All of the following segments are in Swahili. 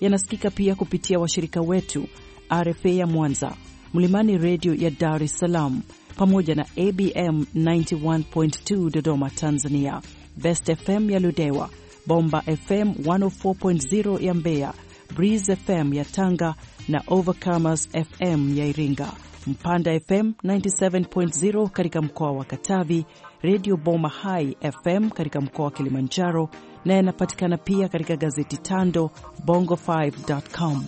yanasikika pia kupitia washirika wetu RFA ya Mwanza, Mlimani Redio ya Dar es Salaam, pamoja na ABM 91.2 Dodoma Tanzania, Best FM ya Ludewa, Bomba FM 104.0 ya Mbeya, Breeze FM ya Tanga na Overcomers FM ya Iringa, Mpanda FM 97.0 katika mkoa wa Katavi redio Boma Hai FM katika mkoa wa Kilimanjaro na yanapatikana pia katika gazeti Tando Bongo5.com.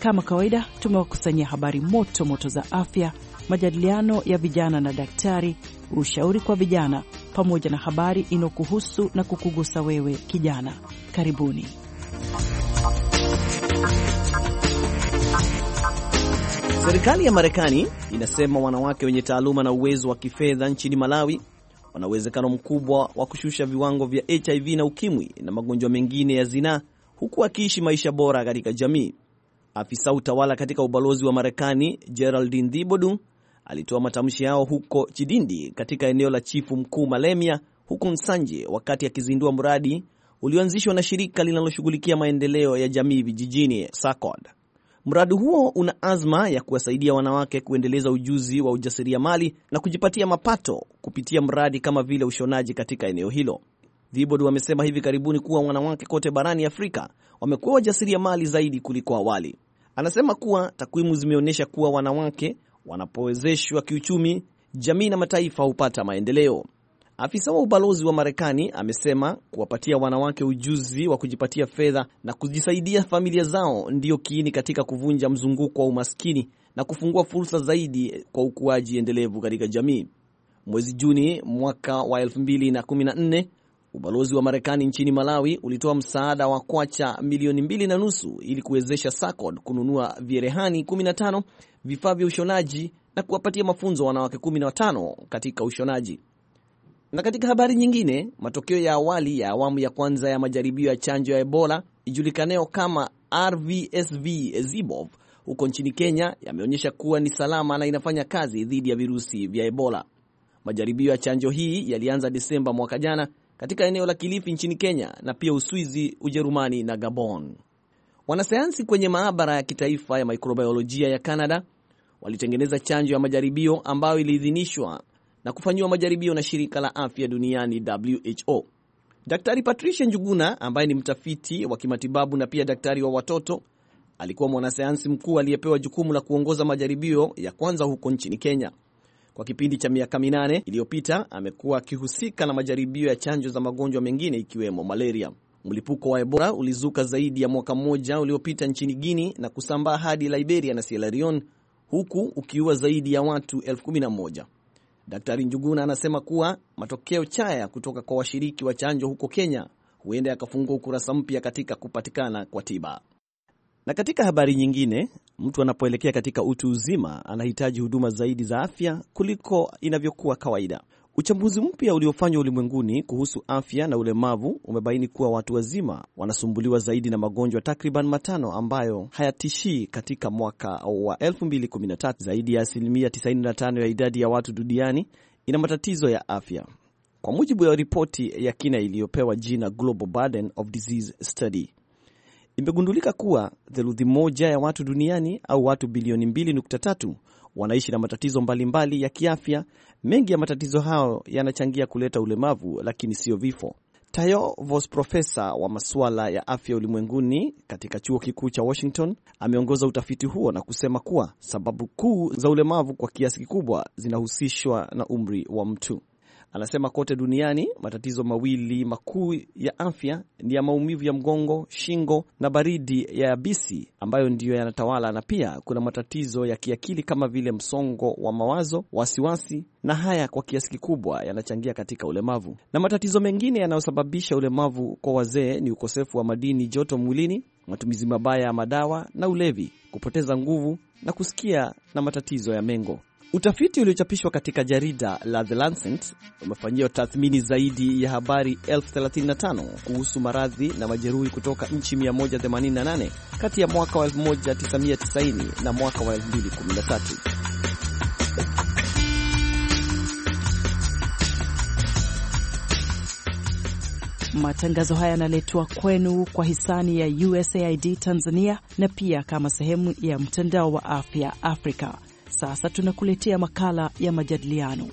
Kama kawaida, tumewakusanyia habari moto moto za afya, majadiliano ya vijana na daktari, ushauri kwa vijana, pamoja na habari inayokuhusu na kukugusa wewe kijana. Karibuni. Serikali ya Marekani inasema wanawake wenye taaluma na uwezo wa kifedha nchini Malawi wana uwezekano mkubwa wa kushusha viwango vya HIV na ukimwi na magonjwa mengine ya zinaa huku akiishi maisha bora katika jamii. Afisa utawala katika ubalozi wa Marekani Geraldine Dhibodu alitoa matamshi yao huko Chidindi katika eneo la chifu mkuu Malemia huko Nsanje wakati akizindua mradi ulioanzishwa na shirika linaloshughulikia maendeleo ya jamii vijijini SACOD. Mradi huo una azma ya kuwasaidia wanawake kuendeleza ujuzi wa ujasiriamali na kujipatia mapato kupitia mradi kama vile ushonaji katika eneo hilo. Vibod wamesema hivi karibuni kuwa wanawake kote barani Afrika wamekuwa wajasiriamali zaidi kuliko awali. Anasema kuwa takwimu zimeonyesha kuwa wanawake wanapowezeshwa kiuchumi, jamii na mataifa hupata maendeleo. Afisa wa ubalozi wa Marekani amesema kuwapatia wanawake ujuzi wa kujipatia fedha na kujisaidia familia zao ndiyo kiini katika kuvunja mzunguko wa umaskini na kufungua fursa zaidi kwa ukuaji endelevu katika jamii. Mwezi Juni mwaka wa 2014 ubalozi wa Marekani nchini Malawi ulitoa msaada wa kwacha milioni mbili na nusu ili kuwezesha SACCOD kununua vierehani 15, vifaa vya ushonaji na kuwapatia mafunzo wanawake 15 katika ushonaji. Na katika habari nyingine, matokeo ya awali ya awamu ya kwanza ya majaribio ya chanjo ya Ebola ijulikaneo kama RVSV Zibov huko nchini Kenya yameonyesha kuwa ni salama na inafanya kazi dhidi ya virusi vya Ebola. Majaribio ya chanjo hii yalianza Desemba mwaka jana katika eneo la Kilifi nchini Kenya na pia Uswizi, Ujerumani na Gabon. Wanasayansi kwenye maabara ya kitaifa ya mikrobiolojia ya canada walitengeneza chanjo ya majaribio ambayo iliidhinishwa na kufanyiwa majaribio na shirika la afya duniani WHO. Daktari Patricia Njuguna ambaye ni mtafiti wa kimatibabu na pia daktari wa watoto alikuwa mwanasayansi mkuu aliyepewa jukumu la kuongoza majaribio ya kwanza huko nchini Kenya. Kwa kipindi cha miaka minane iliyopita amekuwa akihusika na majaribio ya chanjo za magonjwa mengine ikiwemo malaria. Mlipuko wa Ebola ulizuka zaidi ya mwaka mmoja uliopita nchini Guini na kusambaa hadi Liberia na Sierra Leone, huku ukiua zaidi ya watu elfu kumi na moja. Daktari Njuguna anasema kuwa matokeo chaya kutoka kwa washiriki wa chanjo huko Kenya huenda yakafungua ukurasa mpya katika kupatikana kwa tiba. Na katika habari nyingine, mtu anapoelekea katika utu uzima anahitaji huduma zaidi za afya kuliko inavyokuwa kawaida. Uchambuzi mpya uliofanywa ulimwenguni kuhusu afya na ulemavu umebaini kuwa watu wazima wanasumbuliwa zaidi na magonjwa takriban matano ambayo hayatishii katika mwaka wa 2013. Zaidi ya asilimia 95 ya idadi ya watu duniani ina matatizo ya afya, kwa mujibu ya ripoti ya kina iliyopewa jina Global Burden of Disease Study. Imegundulika kuwa theluthi moja ya watu duniani au watu bilioni 2.3 wanaishi na matatizo mbalimbali mbali ya kiafya Mengi ya matatizo hayo yanachangia kuleta ulemavu, lakini sio vifo. Tayo Vos, profesa wa masuala ya afya ulimwenguni katika chuo kikuu cha Washington, ameongoza utafiti huo na kusema kuwa sababu kuu za ulemavu kwa kiasi kikubwa zinahusishwa na umri wa mtu. Anasema kote duniani matatizo mawili makuu ya afya ni ya maumivu ya mgongo, shingo na baridi ya yabisi ambayo ndiyo yanatawala, na pia kuna matatizo ya kiakili kama vile msongo wa mawazo, wasiwasi, na haya kwa kiasi kikubwa yanachangia katika ulemavu. Na matatizo mengine yanayosababisha ulemavu kwa wazee ni ukosefu wa madini joto mwilini, matumizi mabaya ya madawa na ulevi, kupoteza nguvu na kusikia na matatizo ya mengo. Utafiti uliochapishwa katika jarida la The Lancet umefanyiwa tathmini zaidi ya habari 35 kuhusu maradhi na majeruhi kutoka nchi 188 kati ya mwaka wa 1990 na mwaka wa 2013. Matangazo haya yanaletwa kwenu kwa hisani ya USAID Tanzania na pia kama sehemu ya mtandao wa afya Afrika. Sasa tunakuletea makala ya majadiliano.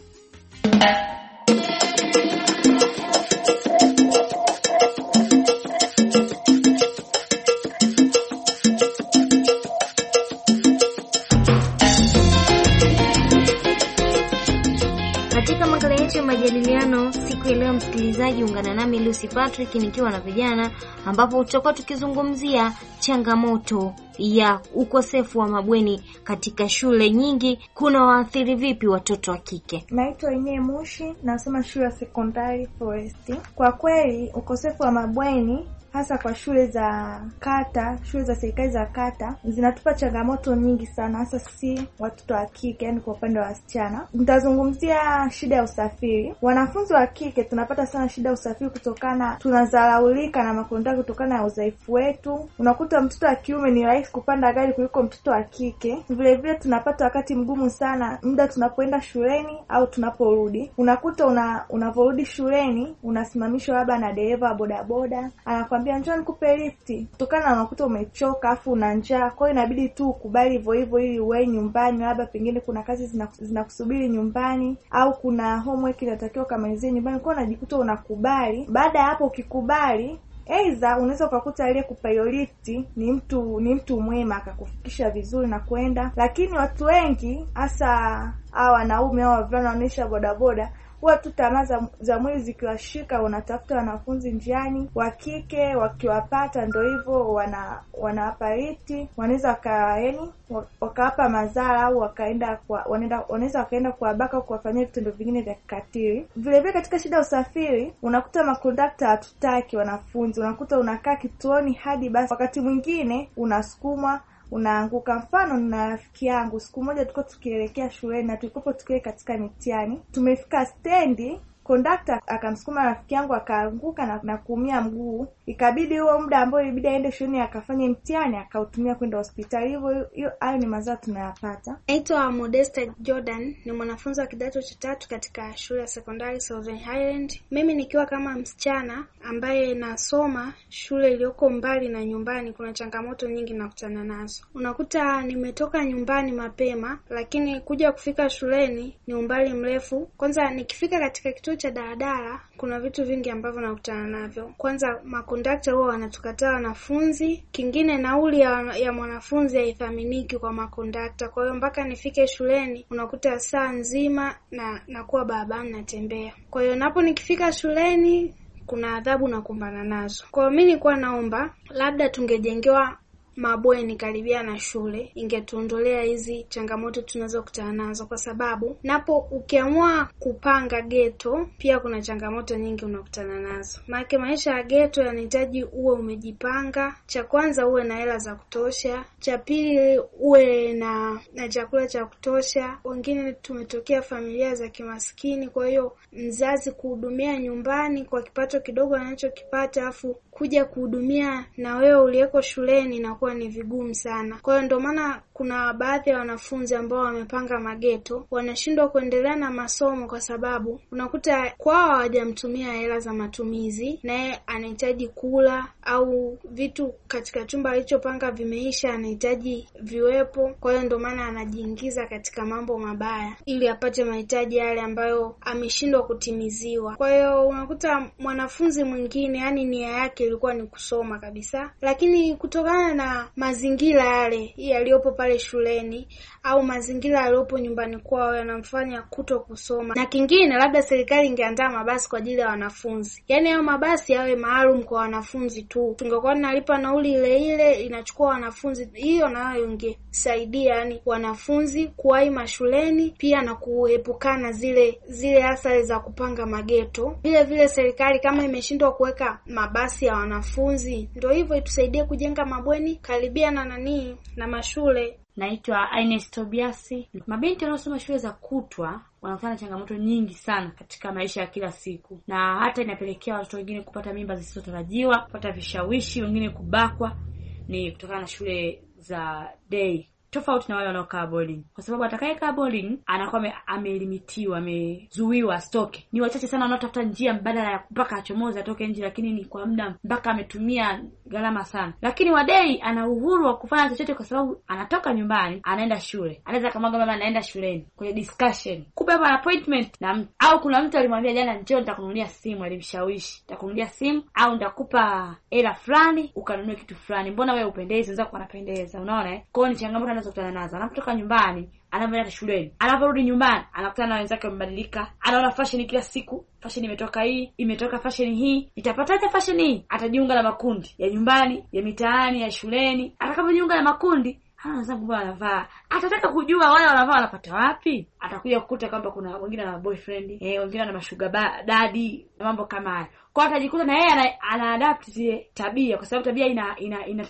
Katika makala yetu ya majadiliano siku ya leo msikilizaji, ungana nami Lucy Patrick nikiwa na vijana, ambapo tutakuwa tukizungumzia changamoto ya ukosefu wa mabweni katika shule nyingi. Kuna waathiri vipi watoto wa kike? Naitwa Inee Mushi, nasema shule ya sekondari Foresti. Kwa kweli ukosefu wa mabweni hasa kwa shule za kata, shule za serikali za kata zinatupa changamoto nyingi sana, hasa si watoto wa kike, yani kwa upande wa wasichana. Nitazungumzia shida ya usafiri. Wanafunzi wa kike tunapata sana shida ya usafiri kutokana, tunazalaulika na makondakta kutokana na udhaifu wetu. Unakuta mtoto wa kiume ni rahisi kupanda gari kuliko mtoto wa kike. Vilevile vile tunapata wakati mgumu sana muda tunapoenda shuleni au tunaporudi. Unakuta una shuleni unasimamishwa labda na dereva wa bodaboda anakwambia nikamwambia njoo nikupe lifti, kutokana na unakuta umechoka afu una njaa, kwa hiyo inabidi tu ukubali hivyo hivyo ili uwe nyumbani, labda pengine kuna kazi zinakusubiri zina nyumbani au kuna homework inatakiwa kamalizie nyumbani, kwa unajikuta unakubali. Baada ya hapo ukikubali Aidha, unaweza ukakuta aliyekupa hiyo lifti ni mtu ni mtu mwema akakufikisha vizuri na kwenda, lakini watu wengi hasa hawa wanaume au wavulana wanaoendesha bodaboda huwa tu tamaa za, za mwili zikiwashika, unatafuta wanafunzi njiani wa kike, wakiwapata ndo hivyo wana riti wanaweza waka wakawapa madhara au wakaenda kwa wanaweza wakaenda kuwabaka au kuwafanyia vitendo vingine vya kikatili. Vilevile katika shida ya usafiri, unakuta makondakta hatutaki wanafunzi, unakuta unakaa kituoni hadi basi, wakati mwingine unasukumwa unaanguka. Mfano, nina rafiki yangu, siku moja tulikuwa tukielekea shuleni na tulikuwa tukiwe katika mitihani, tumefika stendi, kondakta akamsukuma rafiki yangu akaanguka na, na kuumia mguu ikabidi huo muda ambao ibidi aende shuleni akafanye mtihani akautumia kwenda hospitali. Hivyo hiyo, hayo ni mazao tunayapata. Naitwa Modesta Jordan, ni mwanafunzi wa kidato cha tatu katika shule ya sekondari Southern Highland. Mimi nikiwa kama msichana ambaye nasoma shule iliyoko mbali na nyumbani, kuna changamoto nyingi nakutana nazo. Unakuta nimetoka nyumbani mapema, lakini kuja kufika shuleni ni umbali mrefu. Kwanza nikifika katika kituo cha daladala, kuna vitu vingi ambavyo nakutana navyo. Kwanza makoni kondakta huwa wanatukataa wanafunzi. Kingine nauli ya, ya mwanafunzi haithaminiki kwa makondakta, kwa hiyo mpaka nifike shuleni unakuta saa nzima na nakuwa barabani natembea. Kwa hiyo napo nikifika shuleni kuna adhabu nakumbana nazo. Kwa hiyo mi nilikuwa naomba labda tungejengewa mabweni karibia na shule, ingetuondolea hizi changamoto tunazokutana nazo, kwa sababu napo ukiamua kupanga geto, pia kuna changamoto nyingi unakutana nazo, maana maisha ya geto yanahitaji uwe umejipanga. Cha kwanza uwe na hela za kutosha, cha pili uwe na na chakula cha kutosha. Wengine tumetokea familia za kimaskini, kwa hiyo mzazi kuhudumia nyumbani kwa kipato kidogo anachokipata, afu kuja kuhudumia na wewe uliyeko shuleni inakuwa ni vigumu sana. Kwa hiyo ndio maana kuna baadhi ya wanafunzi ambao wamepanga mageto wanashindwa kuendelea na masomo kwa sababu unakuta kwao hawajamtumia hela za matumizi, naye anahitaji kula au vitu katika chumba alichopanga vimeisha, anahitaji viwepo. Kwa hiyo ndio maana anajiingiza katika mambo mabaya ili apate mahitaji yale ambayo ameshindwa kutimiziwa. Kwa hiyo unakuta mwanafunzi mwingine, yani nia yake ilikuwa ni kusoma kabisa, lakini kutokana na mazingira yale yaliyopo pale pale shuleni au mazingira yaliyopo nyumbani kwao yanamfanya kuto kusoma, na kingine, labda serikali ingeandaa mabasi kwa ajili ya wanafunzi, yaani hayo mabasi yawe maalum kwa wanafunzi tu, tungekuwa tunalipa nauli ile ile inachukua wanafunzi. Hiyo nayo ingesaidia yani wanafunzi kuwahi mashuleni pia na kuepukana zile zile athari za kupanga mageto. Vile vile serikali kama imeshindwa kuweka mabasi ya wanafunzi, ndio hivyo itusaidie kujenga mabweni karibia na nanii na mashule naitwa Ines Tobias. Mabinti wanaosoma shule za kutwa wanakutana na changamoto nyingi sana katika maisha ya kila siku, na hata inapelekea watoto wengine kupata mimba zisizotarajiwa, kupata vishawishi, wengine kubakwa, ni kutokana na shule za day tofauti na wale wanaokaa boarding, kwa sababu atakayekaa boarding anakuwa amelimitiwa, amezuiwa asitoke. Ni wachache sana wanaotafuta njia mbadala ya mpaka achomoze atoke nje, lakini ni kwa muda mpaka ametumia gharama sana. Lakini wadei ana uhuru wa kufanya chochote, kwa sababu anatoka nyumbani anaenda shule, anaweza kamwaga mama anaenda shuleni kwenye discussion, kupe ana appointment na mtu, au kuna mtu alimwambia jana, njoo nitakununulia simu, alimshawishi nitakununulia simu au nitakupa hela fulani ukanunue kitu fulani, mbona wewe upendezi, wenzako wanapendeza. Unaona eh, kwao ni changamoto anazokutana nazo, anapotoka nyumbani anaenda shuleni, anaporudi nyumbani anakutana na wenzake wamebadilika, anaona fashion kila siku, fashion imetoka hii, imetoka fashion hii, nitapataje fashion hii? Atajiunga na makundi ya nyumbani, ya mitaani, ya shuleni. Atakapojiunga na makundi, anaanza wenzangu, anavaa atataka kujua wale wanavaa wanapata wapi. Atakuja kukuta kwamba kuna wengine na boyfriend eh, wengine na mashuga dadi na mambo kama hayo, kwa atajikuta na yeye anaadapt zile tabia, kwa sababu tabia ina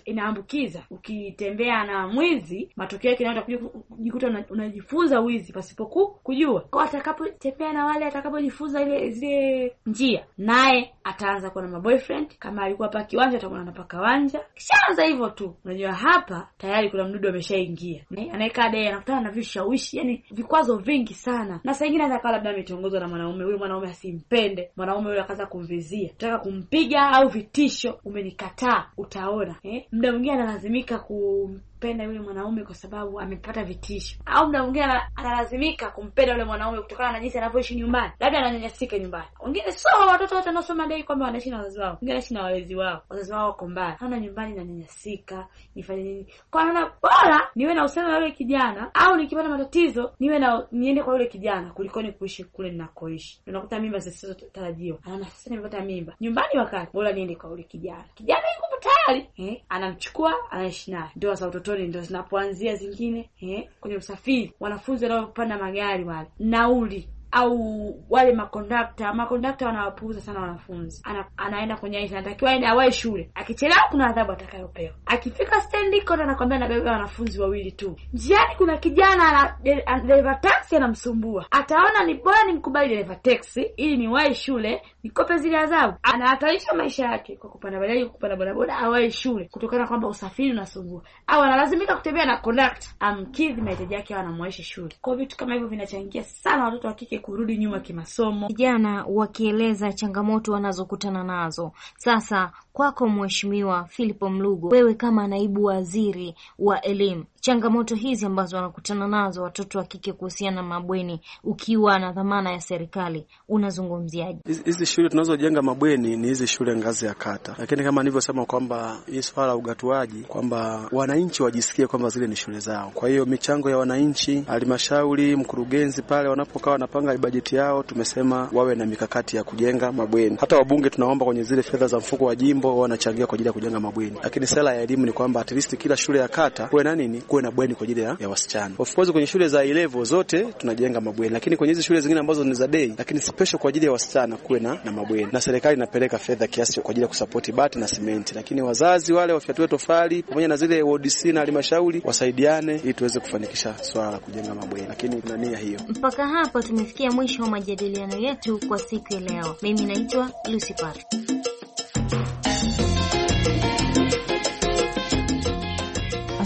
inaambukiza. Ina, ina ukitembea na mwizi, matokeo yake naenda kujikuta unajifunza una wizi pasipoku kujua. Kwa atakapotembea na wale, atakapojifunza ile zile njia, naye ataanza kuwa na maboyfriend. Kama alikuwa pa kiwanja, atakuwa anapaka wanja, kishaanza hivyo tu. Unajua hapa tayari kuna mdudu ameshaingia, anaye anakaa anakutana na vishawishi, yani vikwazo vingi sana, na saa ingine akawa labda ametongozwa na mwanaume huyo, mwanaume asimpende, mwanaume huyo akaanza kumvizia, taka kumpiga au vitisho, umenikataa utaona eh? Muda mwingine analazimika ku kumpenda yule mwanaume kwa sababu amepata vitisho, au mda mwingine analazimika kumpenda yule mwanaume kutokana na jinsi anavyoishi nyumbani, labda ananyanyasika nyumbani. Wengine so watoto wote wanaosoma dai kwamba wanaishi na wazazi wao, wengine anaishi na walezi wao, wazazi wao wako mbali, naona nyumbani nanyanyasika, nifanye nini? Kwa naona bora niwe na uhusiano na yule kijana, au nikipata matatizo niwe na niende kwa yule kijana kulikoni kuishi kule ninakoishi. Unakuta mimba zisizotarajiwa, anaona sasa nimepata mimba nyumbani, wakati bora niende kwa yule kijana. Kijana yuko tayari eh, anamchukua anaishi naye, ndoa za utoto petroli ndio zinapoanzia zingine eh, kwenye usafiri, wanafunzi wanaopanda magari wale, nauli au wale makondakta. Makondakta wanawapuuza sana wanafunzi. Ana, anaenda kwenye aisha, anatakiwa aende awai shule. Akichelewa kuna adhabu atakayopewa. Akifika stendi kota, anakwambia nabeba wanafunzi wawili tu. Njiani kuna kijana dereva taxi anamsumbua, ataona ni bora nimkubali dereva taxi ili niwai shule nikope zile adhabu. Anahatarisha maisha yake kwa kupanda bajaji, kupanda bodaboda awai shule, kutokana kwamba usafiri unasumbua, au analazimika kutembea na kondakta amkidhi mahitaji yake, anamwaisha shule. Kwa vitu kama hivyo vinachangia sana watoto wa kike kurudi nyuma kimasomo, vijana wakieleza changamoto wanazokutana nazo sasa Kwako Mheshimiwa Filipo Mlugo, wewe kama naibu waziri wa elimu, changamoto hizi ambazo wanakutana nazo watoto wa kike kuhusiana na mabweni, ukiwa na dhamana ya serikali, unazungumziaje hizi shule tunazojenga mabweni? Ni hizi shule ngazi ya kata, lakini kama nilivyosema kwamba hii swala la ugatuaji, kwamba wananchi wajisikie kwamba zile ni shule zao. Kwa hiyo michango ya wananchi, halmashauri, mkurugenzi pale wanapokaa wanapanga bajeti yao, tumesema wawe na mikakati ya kujenga mabweni. Hata wabunge tunaomba kwenye zile fedha za mfuko wa jimbo ambao wanachangia kwa ajili ya kujenga mabweni, lakini sera ya elimu ni kwamba at least kila shule ya kata kuwe na nini, kuwe na bweni kwa ajili ya wasichana. Of course kwenye shule za ilevo zote tunajenga mabweni, lakini kwenye hizi shule zingine ambazo ni za dei, lakini special kwa ajili ya wasichana kuwe na, na mabweni, na serikali inapeleka fedha kiasi kwa ajili ya kusapoti bati na simenti, lakini wazazi wale wafyatue tofali pamoja na zile WDC na halmashauri wasaidiane ili tuweze kufanikisha swala la kujenga mabweni, lakini tuna nia hiyo. Mpaka hapa tumefikia mwisho wa majadiliano yetu kwa siku ya leo. Mimi naitwa Lucy Park.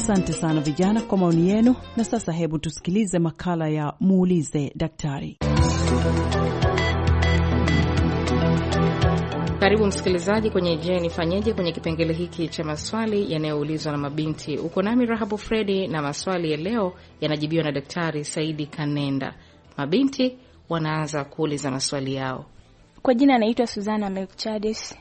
Asante sana vijana kwa maoni yenu. Na sasa hebu tusikilize makala ya muulize daktari. Karibu msikilizaji kwenye Je, nifanyeje, kwenye kipengele hiki cha maswali yanayoulizwa na mabinti. Uko nami Rahabu Fredi, na maswali ya leo yanajibiwa na Daktari Saidi Kanenda. Mabinti wanaanza kuuliza maswali yao. Kwa jina anaitwa Suzana Melchades.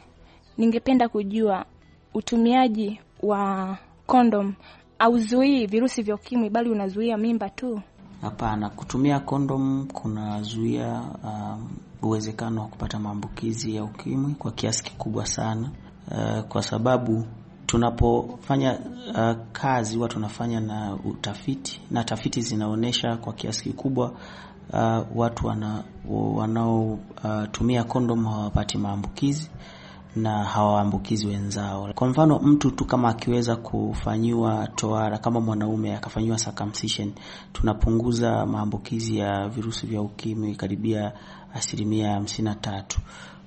Ningependa kujua utumiaji wa kondom hauzuii virusi vya ukimwi, bali unazuia mimba tu. Hapana, kutumia kondom kunazuia um, uwezekano wa kupata maambukizi ya ukimwi kwa kiasi kikubwa sana, uh, kwa sababu tunapofanya uh, kazi huwa tunafanya na utafiti na tafiti zinaonyesha kwa kiasi kikubwa uh, watu wanaotumia wana, uh, kondom hawapati maambukizi na hawaambukizi wenzao. Kwa mfano, mtu tu kama akiweza kufanyiwa toara kama mwanaume akafanyiwa circumcision, tunapunguza maambukizi ya virusi vya ukimwi karibia asilimia hamsini na tatu.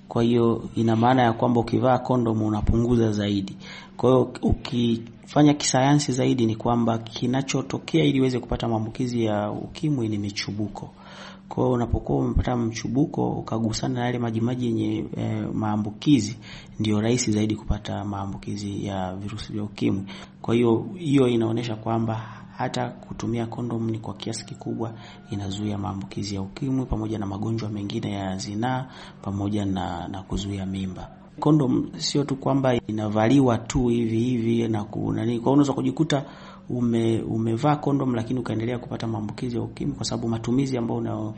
Kwa hiyo ina maana ya kwamba ukivaa kondomu unapunguza zaidi. Kwa hiyo ukifanya kisayansi zaidi, ni kwamba kinachotokea ili uweze kupata maambukizi ya ukimwi ni michubuko. Kwa hiyo unapokuwa umepata mchubuko ukagusana na yale majimaji yenye e, maambukizi, ndio rahisi zaidi kupata maambukizi ya virusi vya ukimwi. Kwa hiyo hiyo inaonyesha kwamba hata kutumia kondom ni kwa kiasi kikubwa inazuia maambukizi ya ukimwi pamoja na magonjwa mengine ya zinaa pamoja na, na kuzuia mimba. Kondom sio tu kwamba inavaliwa tu hivi hivi na kunani, kwa unaweza kujikuta ume, umevaa kondom lakini ukaendelea kupata maambukizi ya ukimwi kwa sababu matumizi ambayo una uh,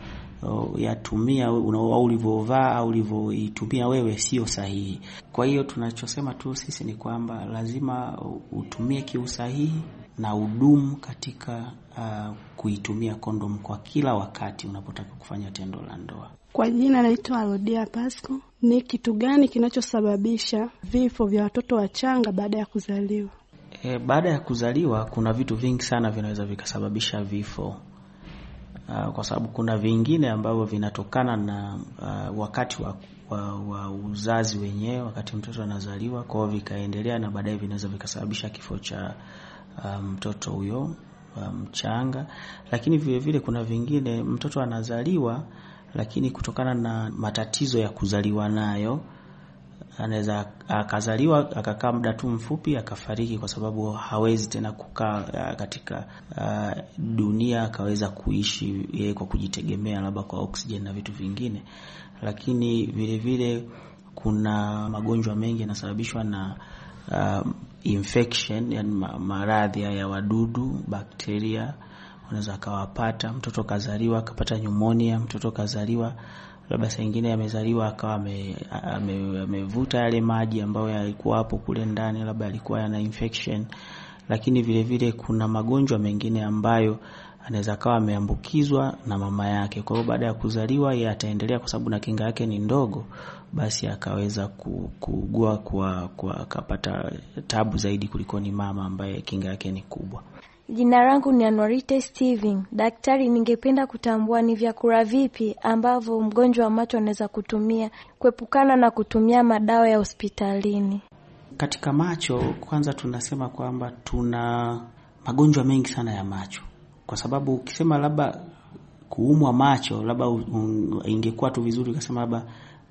yatumia au ulivyovaa au ulivyoitumia wewe sio sahihi. Kwa hiyo tunachosema tu sisi ni kwamba lazima utumie kiusahihi na udumu katika uh, kuitumia kondom kwa kila wakati unapotaka kufanya tendo la ndoa. Kwa jina naitwa Rodia Pasco. Ni kitu gani kinachosababisha vifo vya watoto wachanga baada ya kuzaliwa? E, baada ya kuzaliwa kuna vitu vingi sana vinaweza vikasababisha vifo uh, kwa sababu kuna vingine ambavyo vinatokana na uh, wakati wa, wa, wa uzazi wenyewe, wakati mtoto anazaliwa kwao vikaendelea na baadaye vinaweza vikasababisha kifo cha ah, mtoto huyo huyo mchanga lakini vilevile vile kuna vingine mtoto anazaliwa, lakini kutokana na matatizo ya kuzaliwa nayo anaweza akazaliwa akakaa muda tu mfupi akafariki, kwa sababu hawezi tena kukaa uh, katika a, uh, dunia akaweza kuishi yeye kwa kujitegemea, labda kwa oksijeni na vitu vingine. Lakini vilevile kuna magonjwa mengi yanasababishwa na uh, infection, yani maradhi ya wadudu, bakteria unaweza akawapata. Mtoto kazaliwa akapata nyumonia, mtoto kazaliwa labda saa ingine amezaliwa akawa amevuta ame, ame yale maji ambayo yalikuwa hapo kule ndani, labda alikuwa yana infection. Lakini vile vile kuna magonjwa mengine ambayo anaweza akawa ameambukizwa na mama yake. Kwa hiyo baada ya kuzaliwa yeye ataendelea, kwa sababu na kinga yake ni ndogo, basi akaweza kuugua kwa, kwa akapata tabu zaidi kuliko ni mama ambaye kinga yake ni kubwa. Jina langu ni anwarite Steven. Daktari, ningependa kutambua ni vyakula vipi ambavyo mgonjwa wa macho anaweza kutumia kuepukana na kutumia madawa ya hospitalini? Katika macho, kwanza tunasema kwamba tuna magonjwa mengi sana ya macho, kwa sababu ukisema labda kuumwa macho, labda ingekuwa tu vizuri ukasema labda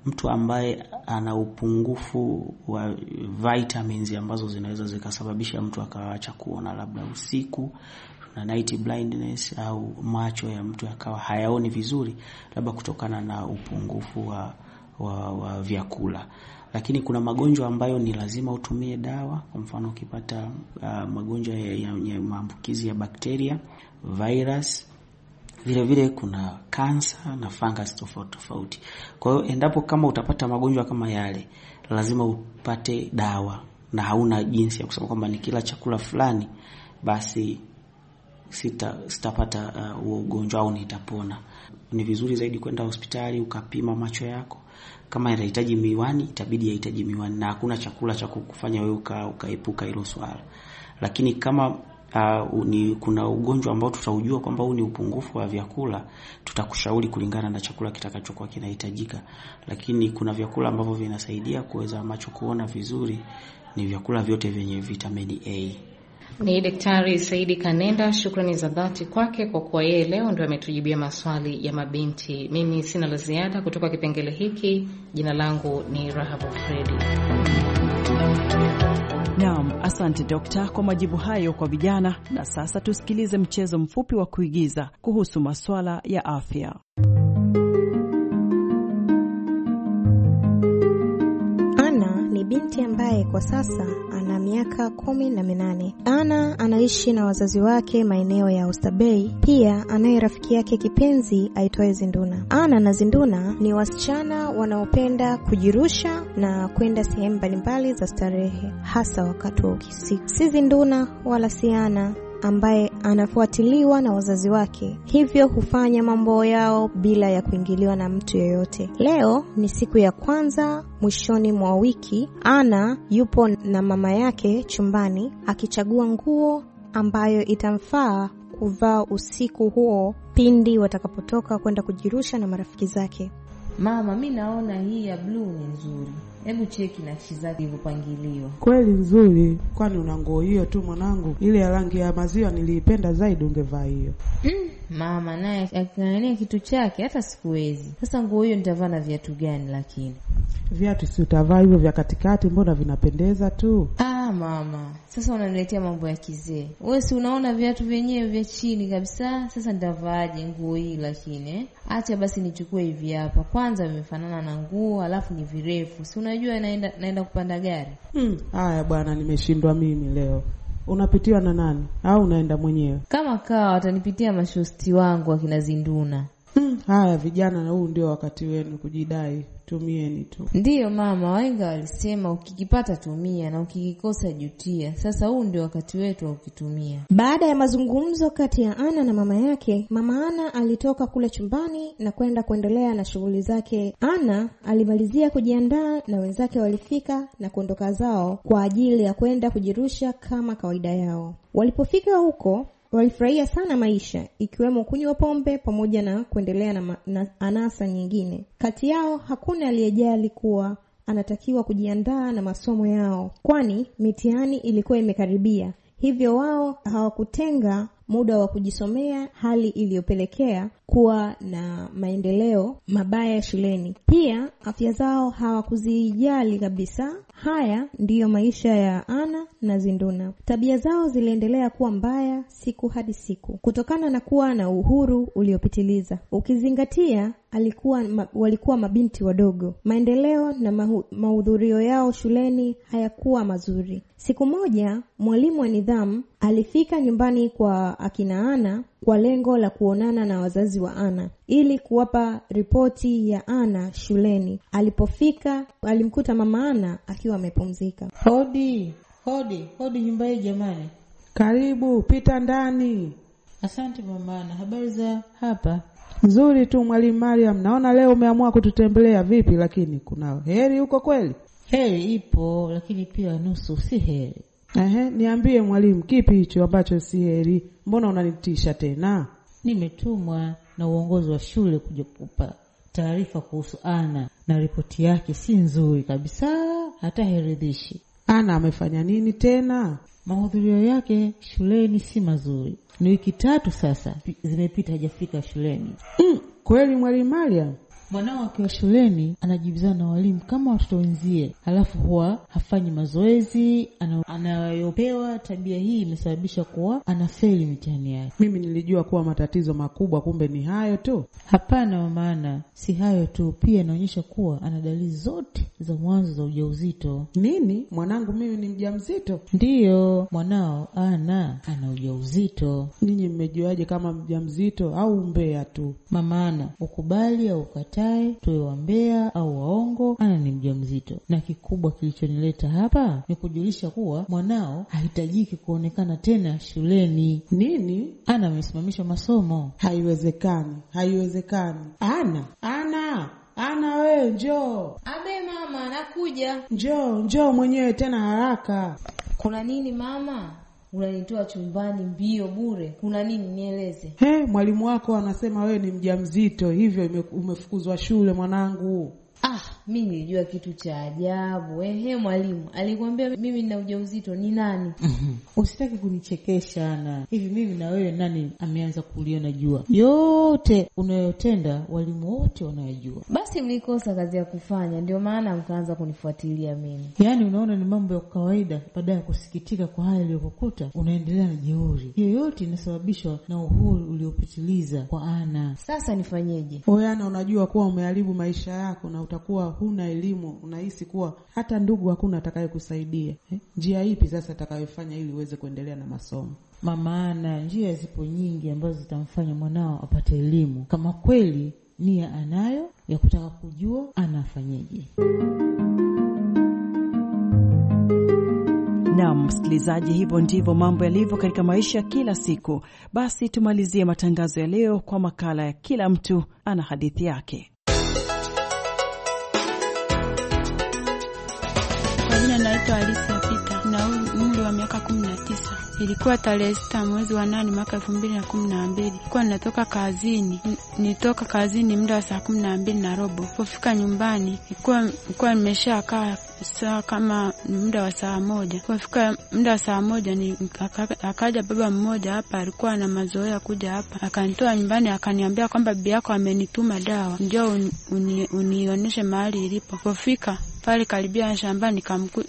mtu ambaye ana upungufu wa vitamins ambazo zinaweza zikasababisha mtu akaacha kuona labda usiku na night blindness au macho ya mtu akawa hayaoni vizuri, labda kutokana na upungufu wa, wa, wa vyakula. Lakini kuna magonjwa ambayo ni lazima utumie dawa. Kwa mfano ukipata uh, magonjwa ya, ya, ya maambukizi ya bakteria, virus vile vile kuna kansa na fungus tofauti tofauti. Kwa hiyo endapo kama utapata magonjwa kama yale, lazima upate dawa na hauna jinsi ya kusema kwamba ni kila chakula fulani basi sita, sitapata uh, huo uh, ugonjwa au nitapona. Ni vizuri zaidi kwenda hospitali ukapima macho yako. Kama inahitaji miwani, itabidi yahitaji miwani, na hakuna chakula cha kukufanya wewe uka, ukaepuka hilo swala, lakini kama uh, ni kuna ugonjwa ambao tutaujua kwamba huu ni upungufu wa vyakula, tutakushauri kulingana na chakula kitakachokuwa kinahitajika. Lakini kuna vyakula ambavyo vinasaidia kuweza macho kuona vizuri, ni vyakula vyote vyenye vitamini A. Ni Daktari Saidi Kanenda, shukrani za dhati kwake kwa kuwa yeye leo ndio ametujibia maswali ya mabinti. Mimi sina la ziada kutoka kipengele hiki. Jina langu ni Rahabu Fredi. Naam, asante dokta kwa majibu hayo kwa vijana. Na sasa tusikilize mchezo mfupi wa kuigiza kuhusu masuala ya afya. Ana ni binti ambaye kwa sasa miaka kumi na minane. Ana anaishi na wazazi wake maeneo ya ustabei Pia anaye rafiki yake kipenzi aitwaye Zinduna. Ana na Zinduna ni wasichana wanaopenda kujirusha na kwenda sehemu mbalimbali za starehe, hasa wakati wa ukisiku. Si Zinduna wala si Ana ambaye anafuatiliwa na wazazi wake, hivyo hufanya mambo yao bila ya kuingiliwa na mtu yeyote. Leo ni siku ya kwanza mwishoni mwa wiki. Ana yupo na mama yake chumbani akichagua nguo ambayo itamfaa kuvaa usiku huo pindi watakapotoka kwenda kujirusha na marafiki zake. Mama, mi naona hii ya bluu ni nzuri. Hebu cheki nakshi zake ilivyopangiliwa, kweli nzuri. Kwani una nguo hiyo tu mwanangu? Ile ya rangi ya maziwa niliipenda zaidi, ungevaa hiyo. Mm, mama naye aking'ang'ania kitu chake, hata sikuwezi. Sasa nguo hiyo nitavaa na viatu gani? Lakini viatu si utavaa hivyo vya katikati, mbona vinapendeza tu. Ah, mama sasa unaniletea mambo ya kizee wewe, si unaona viatu vyenyewe vya chini kabisa. Sasa nitavaaje nguo hii lakini? Eh? Acha basi nichukue hivi hapa kwanza, vimefanana na nguo, alafu ni virefu si unajua naenda naenda kupanda gari. Hmm. Haya hmm. Bwana, nimeshindwa mimi leo. Unapitiwa na nani au unaenda mwenyewe? Kama kawa watanipitia mashosti wangu akina Zinduna. Hmm. haya vijana, huu ndio wakati wenu kujidai, tumieni tu. Ndiyo mama wahenga walisema, ukikipata tumia na ukikikosa jutia. Sasa huu ndio wakati wetu wa kukitumia. Baada ya mazungumzo kati ya Ana na mama yake, mama Ana alitoka kule chumbani na kwenda kuendelea na shughuli zake. Ana alimalizia kujiandaa na wenzake walifika na kuondoka zao kwa ajili ya kwenda kujirusha kama kawaida yao. Walipofika huko walifurahia sana maisha ikiwemo kunywa pombe pamoja na kuendelea na, na anasa nyingine. Kati yao hakuna aliyejali kuwa anatakiwa kujiandaa na masomo yao, kwani mitihani ilikuwa imekaribia. Hivyo wao hawakutenga muda wa kujisomea, hali iliyopelekea kuwa na maendeleo mabaya shuleni. Pia afya zao hawakuzijali kabisa. Haya ndiyo maisha ya Ana na Zinduna. Tabia zao ziliendelea kuwa mbaya siku hadi siku, kutokana na kuwa na uhuru uliopitiliza. Ukizingatia alikuwa ma, walikuwa mabinti wadogo. Maendeleo na mahu, mahudhurio yao shuleni hayakuwa mazuri. Siku moja mwalimu wa nidhamu Alifika nyumbani kwa akina Ana kwa lengo la kuonana na wazazi wa Ana ili kuwapa ripoti ya Ana shuleni. Alipofika alimkuta mama Ana akiwa amepumzika. Hodi, hodi, hodi nyumba hii jamani. Karibu, pita ndani. Asante mama Ana, habari za hapa? Nzuri tu mwalimu Mariam, naona leo umeamua kututembelea. Vipi lakini, kuna heri huko kweli? Heri ipo, lakini pia nusu si heri. Ehe, niambie mwalimu, kipi hicho ambacho si heri? Mbona unanitisha tena? Nimetumwa na uongozi wa shule kuja kukupa taarifa kuhusu Ana na ripoti yake si nzuri kabisa, hata hairidhishi. Ana amefanya nini tena? Mahudhurio yake shuleni si mazuri, ni wiki tatu sasa zimepita hajafika shuleni. Mm, kweli mwalimu Mariam, mwanao akiwa shuleni anajibizana na walimu kama watoto wenzie, halafu huwa hafanyi mazoezi. Anayopewa tabia hii imesababisha kuwa anafeli mitihani yake. Mimi nilijua kuwa matatizo makubwa kumbe ni hayo tu. Hapana, mamaana, si hayo tu, pia inaonyesha kuwa ana dalili zote za mwanzo za ujauzito. Nini? Mwanangu mimi ni mjamzito? Ndiyo, mwanao ana ana ujauzito. Ninyi mmejuaje kama mjamzito au umbea tu? Mamaana, ukubali au ukata tukatae tuwe wambea au waongo, ana ni mjamzito. Na kikubwa kilichonileta hapa ni kujulisha kuwa mwanao hahitajiki kuonekana tena shuleni. Nini? Ana amesimamishwa masomo. Haiwezekani, haiwezekani. Ana, ana ana we, njoo. Abe mama, nakuja. Njoo, njoo mwenyewe tena haraka. Kuna nini mama? unanitoa chumbani mbio bure, kuna nini? Nieleze. He, mwalimu wako anasema wewe ni mjamzito, hivyo umefukuzwa shule mwanangu. Ah, mi nilijua kitu cha ajabu. Ehe, mwalimu alikwambia mimi nina ujauzito? Ni nani? Mhm. Usitaki kunichekesha ana hivi, mimi na wewe nani ameanza kuliona jua? Yote unayotenda walimu wote wanayojua. Basi mlikosa kazi ya kufanya, ndio maana mkaanza kunifuatilia mimi. Yaani unaona ni mambo ya kawaida. Baada ya kusikitika kwa haya yaliyokukuta, unaendelea na jeuri hiyo. Yote inasababishwa na uhuru uliopitiliza kwa Ana. Sasa nifanyeje? Wewe Ana, unajua kuwa umeharibu maisha yako na utakuwa huna elimu, unahisi kuwa hata ndugu hakuna atakayekusaidia eh? Njia ipi sasa atakayofanya ili uweze kuendelea na masomo? Mamaana njia zipo nyingi ambazo zitamfanya mwanao apate elimu, kama kweli nia anayo ya kutaka kujua anafanyeje. Na msikilizaji, hivyo ndivyo mambo yalivyo katika maisha ya kila siku. Basi tumalizie matangazo ya leo kwa makala ya kila mtu ana hadithi yake. mtoto halisi ya Pita na umri wa miaka kumi na tisa. Ilikuwa tarehe sita mwezi wa nane mwaka elfu mbili na kumi na mbili. Ilikuwa natoka kazini, nitoka kazini muda wa saa kumi na mbili na robo. Kufika nyumbani nimesha kaa saa kama muda wa saa moja. Kufika muda wa saa moja ni akaja baba mmoja hapa, alikuwa na mazoea kuja hapa, akanitoa nyumbani, akaniambia kwamba bibi yako amenituma dawa, njoo unionyeshe mahali ilipo. Kufika pale karibia shambani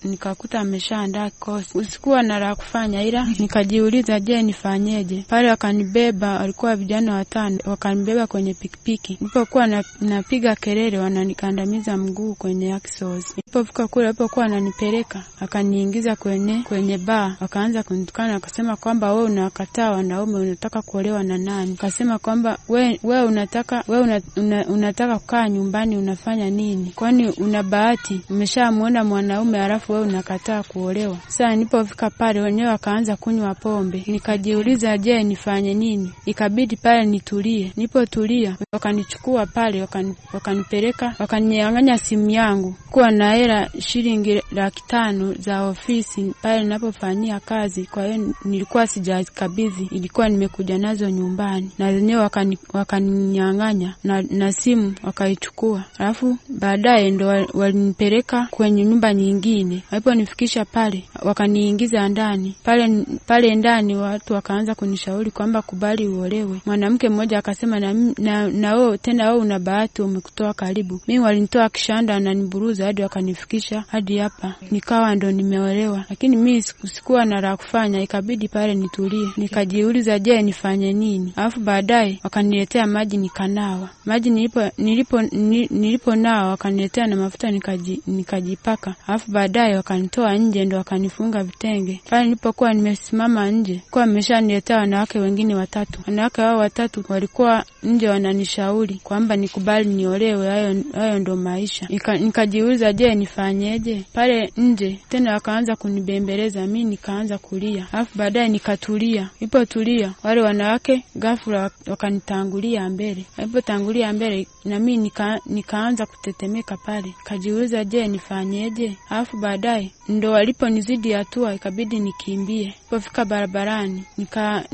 nikakuta ameshaandaa kikosi. usikuwa na la kufanya, ila nikajiuliza, je, nifanyeje? Pale wakanibeba, walikuwa vijana watano, wakanibeba kwenye pikipiki. Nilipokuwa na, napiga kelele, wananikandamiza mguu kwenye axles. Nilipofika kule alipokuwa ananipeleka, akaniingiza kwenye kwenye baa, wakaanza kunitukana, wakasema kwamba we unakataa wanaume, unataka kuolewa na nani? Akasema kwamba we, we unataka we una, una, unataka kukaa nyumbani, unafanya nini? Kwani una bahati umeshamwona mwanaume alafu wewe unakataa kuolewa. Sasa nilipofika pale, wenyewe wakaanza kunywa pombe, nikajiuliza, je, nifanye nini? Ikabidi pale nitulie. Nilipotulia wakanichukua pale, wakanipeleka, wakaninyang'anya simu yangu, kuwa na hela shilingi laki tano za ofisi pale ninapofanyia kazi. Kwa hiyo nilikuwa sijakabidhi, ilikuwa nimekuja nazo nyumbani, na zenyewe wakaninyang'anya, wakani na, na simu wakaichukua, alafu baadaye ndo walinipeleka kunipeleka kwenye nyumba nyingine. Waliponifikisha pale, wakaniingiza ndani pale pale ndani, watu wakaanza kunishauri kwamba kubali uolewe. Mwanamke mmoja akasema, na na, na o, tena wewe una bahati, umekutoa karibu. Mimi walinitoa kishanda na niburuza hadi wakanifikisha hadi hapa, nikawa ndo nimeolewa, lakini mimi sikuwa na la kufanya, ikabidi pale nitulie. Nikajiuliza, je, nifanye nini? Alafu baadaye wakaniletea maji nikanawa. Maji nilipo nilipo nilipo nao wakaniletea na mafuta nikaji nikajipaka, alafu baadaye wakanitoa nje, ndo wakanifunga vitenge. Pale nilipokuwa nimesimama nje, kuwa ameshaniletea wanawake wengine watatu. Wanawake hao watatu walikuwa nje wananishauri kwamba nikubali niolewe, hayo hayo ndo maisha. Nikajiuliza, nika je, nifanyeje? Pale nje tena wakaanza kunibembeleza, mi nikaanza kulia, alafu baadaye nikatulia. Ipotulia wale wanawake ghafula wakanitangulia mbele, alipotangulia mbele nami nika, nikaanza kutetemeka pale, kajiuliza, je, nifanyeje? Alafu baadaye ndo waliponizidi hatua, ikabidi nikimbie. Ipofika barabarani, nika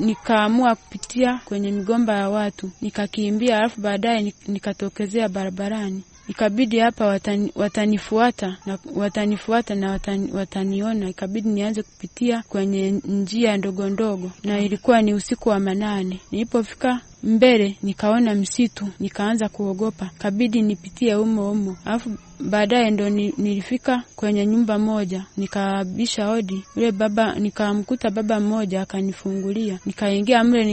kupitia kwenye migomba ya watu nika nikakimbia, alafu baadaye nikatokezea barabarani. Ikabidi hapa watani, watanifuata na watanifuata na watani, wataniona. Ikabidi nianze kupitia kwenye njia ndogo ndogo, na ilikuwa ni usiku wa manane. Nilipofika mbele nikaona msitu, nikaanza kuogopa, kabidi nipitie umo umo. Alafu Baadaye ndo nilifika kwenye nyumba moja, nikabisha hodi. Yule baba nikamkuta baba mmoja akanifungulia, nikaingia mle,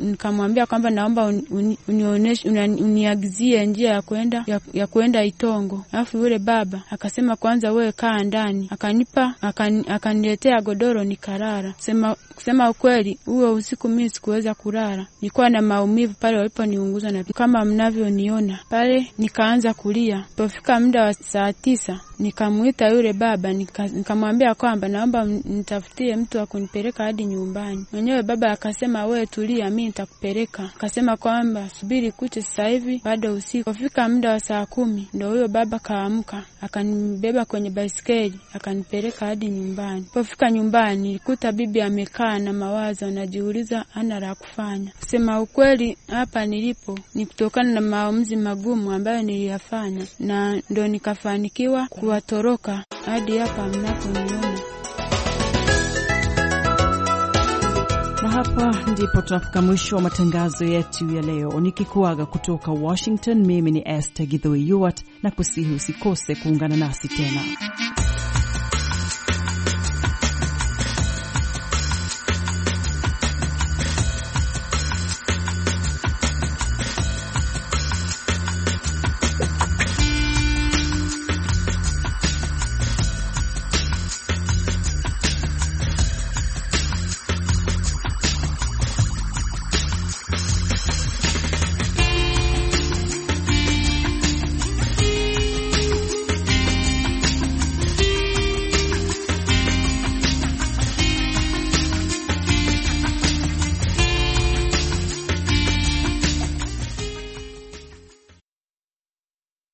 nikamwambia kwamba naomba un, unioneshe uniagizie njia ya kwenda ya, ya kwenda Itongo. Alafu yule baba akasema, kwanza wewe kaa ndani, akanipa akan, akaniletea godoro nikarara. Sema, kusema ukweli, huo usiku mimi sikuweza kulala, nilikuwa na maumivu pale waliponiunguza na kama mnavyoniona pale, nikaanza kulia. Pofika muda wa saa tisa nikamwita yule baba nikamwambia nika kwamba naomba nitafutie mtu wa kunipeleka hadi nyumbani. Mwenyewe baba akasema we tulia, mi nitakupeleka. Akasema kwamba subiri kuche sasa hivi bado usiku. Kufika muda wa saa kumi ndo huyo baba kaamka, akanibeba kwenye baisikeli akanipeleka hadi nyumbani. Pofika nyumbani nilikuta bibi amekaa na mawazo, anajiuliza ana la kufanya. Kusema ukweli, hapa nilipo ni kutokana na maamuzi magumu ambayo niliyafanya na ni nikafanikiwa kuwatoroka hadi hapa mnaponiona. Na hapa ndipo tunafika mwisho wa matangazo yetu ya leo, nikikuaga kutoka Washington. Mimi ni Esther Githo Yuat na kusihi usikose kuungana nasi tena.